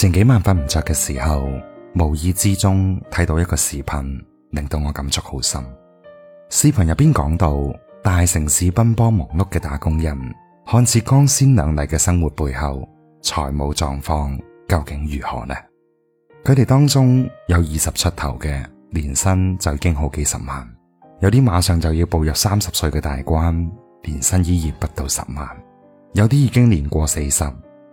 前幾晚瞓唔着嘅時候，無意之中睇到一個視頻，令到我感觸好深。視頻入邊講到，大城市奔波忙碌嘅打工人，看似光鮮亮麗嘅生活背後，財務狀況究竟如何呢？佢哋當中有二十出頭嘅，年薪就已經好幾十萬；有啲馬上就要步入三十歲嘅大關，年薪依然不到十萬；有啲已經年過四十。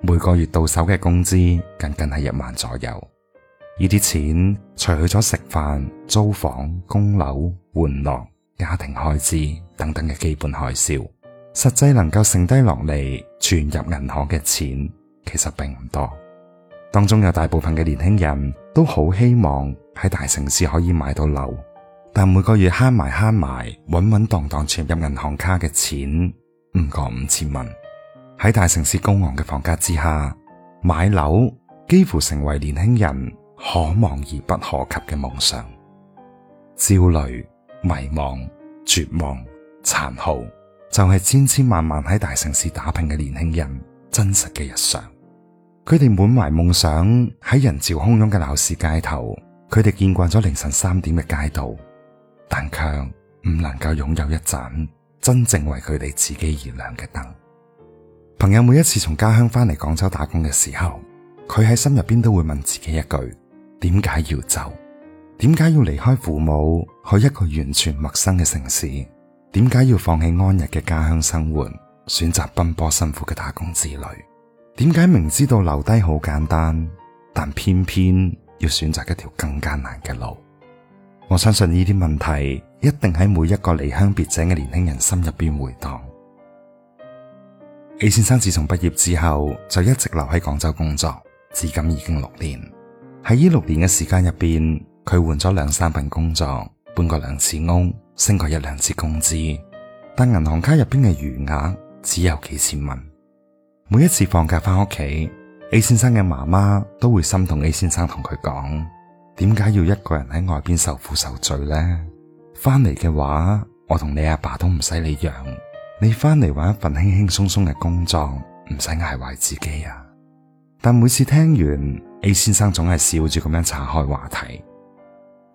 每個月到手嘅工資僅僅係一萬左右，呢啲錢除去咗食飯、租房、供樓、玩樂、家庭開支等等嘅基本開銷，實際能夠剩低落嚟存入銀行嘅錢其實並唔多。當中有大部分嘅年輕人都好希望喺大城市可以買到樓，但每個月慳埋慳埋穩穩當當存入銀行卡嘅錢唔過五千蚊。喺大城市高昂嘅房價之下，買樓幾乎成為年輕人可望而不可及嘅夢想。焦慮、迷茫、絕望、殘酷，就係千千萬萬喺大城市打拼嘅年輕人真實嘅日常。佢哋滿懷夢想，喺人潮洶湧嘅鬧市街頭，佢哋見慣咗凌晨三點嘅街道，但卻唔能夠擁有一盞真正為佢哋自己而亮嘅燈。朋友每一次從家鄉翻嚟廣州打工嘅時候，佢喺心入邊都會問自己一句：點解要走？點解要離開父母去一個完全陌生嘅城市？點解要放棄安逸嘅家鄉生活，選擇奔波辛苦嘅打工之旅？點解明知道留低好簡單，但偏偏要選擇一條更艱難嘅路？我相信呢啲問題一定喺每一個離鄉別井嘅年輕人心入邊回蕩。A 先生自從畢業之後就一直留喺廣州工作，至今已經六年。喺呢六年嘅時間入邊，佢換咗兩三份工作，搬過兩次屋，升過一兩次工資，但銀行卡入邊嘅餘額只有幾千蚊。每一次放假翻屋企，A 先生嘅媽媽都會心痛 A 先生同佢講：點解要一個人喺外邊受苦受罪呢？翻嚟嘅話，我同你阿爸都唔使你養。你翻嚟揾一份輕輕鬆鬆嘅工作，唔使挨壞自己啊！但每次聽完 A 先生總係笑住咁樣岔開話題。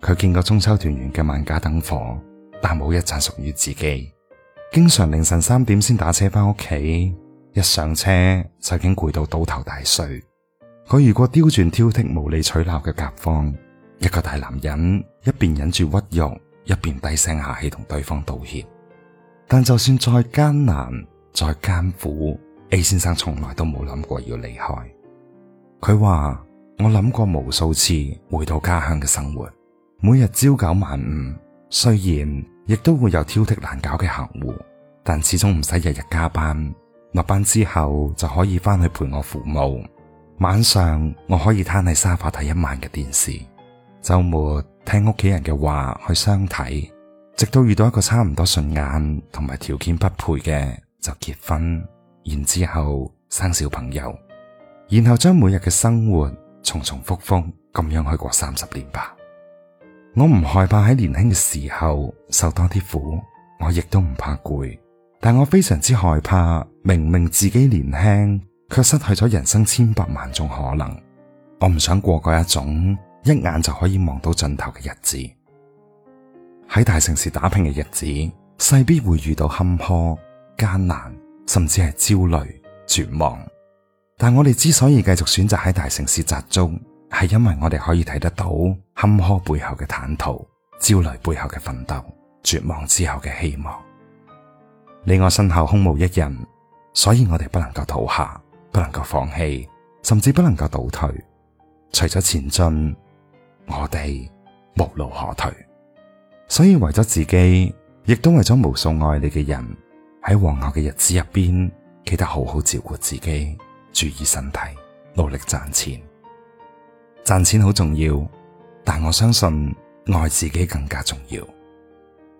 佢見過中秋團圓嘅萬家燈火，但冇一盞屬於自己。經常凌晨三點先打車翻屋企，一上車就已經攰到倒頭大睡。佢遇過刁鑽挑剔、無理取鬧嘅甲方，一個大男人一邊忍住屈辱，一邊低聲下氣同對方道歉。但就算再艱難、再艱苦，A 先生從來都冇諗過要離開。佢話：我諗過無數次回到家鄉嘅生活，每日朝九晚五，雖然亦都會有挑剔難搞嘅客戶，但始終唔使日日加班。落班之後就可以翻去陪我父母，晚上我可以攤喺沙發睇一晚嘅電視，周末聽屋企人嘅話去相睇。直到遇到一個差唔多順眼同埋條件不配嘅就結婚，然之後生小朋友，然後將每日嘅生活重重複复咁樣去過三十年吧。我唔害怕喺年輕嘅時候受多啲苦，我亦都唔怕攰，但我非常之害怕，明明自己年輕，卻失去咗人生千百萬種可能。我唔想過嗰一種一眼就可以望到盡頭嘅日子。喺大城市打拼嘅日子，勢必會遇到坎坷、艱難，甚至係焦慮、絕望。但我哋之所以繼續選擇喺大城市集中，係因為我哋可以睇得到坎坷背後嘅坦途，焦慮背後嘅奮鬥，絕望之後嘅希望。你我身後空無一人，所以我哋不能夠倒下，不能夠放棄，甚至不能夠倒退。除咗前進，我哋無路可退。所以為咗自己，亦都為咗無數愛你嘅人，喺往後嘅日子入邊，記得好好照顧自己，注意身體，努力賺錢。賺錢好重要，但我相信愛自己更加重要。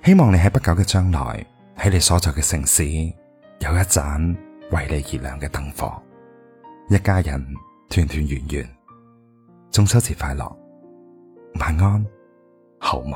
希望你喺不久嘅將來，喺你所在嘅城市有一盞為你而亮嘅燈火，一家人團團圓圓，中秋節快樂，晚安，好夢。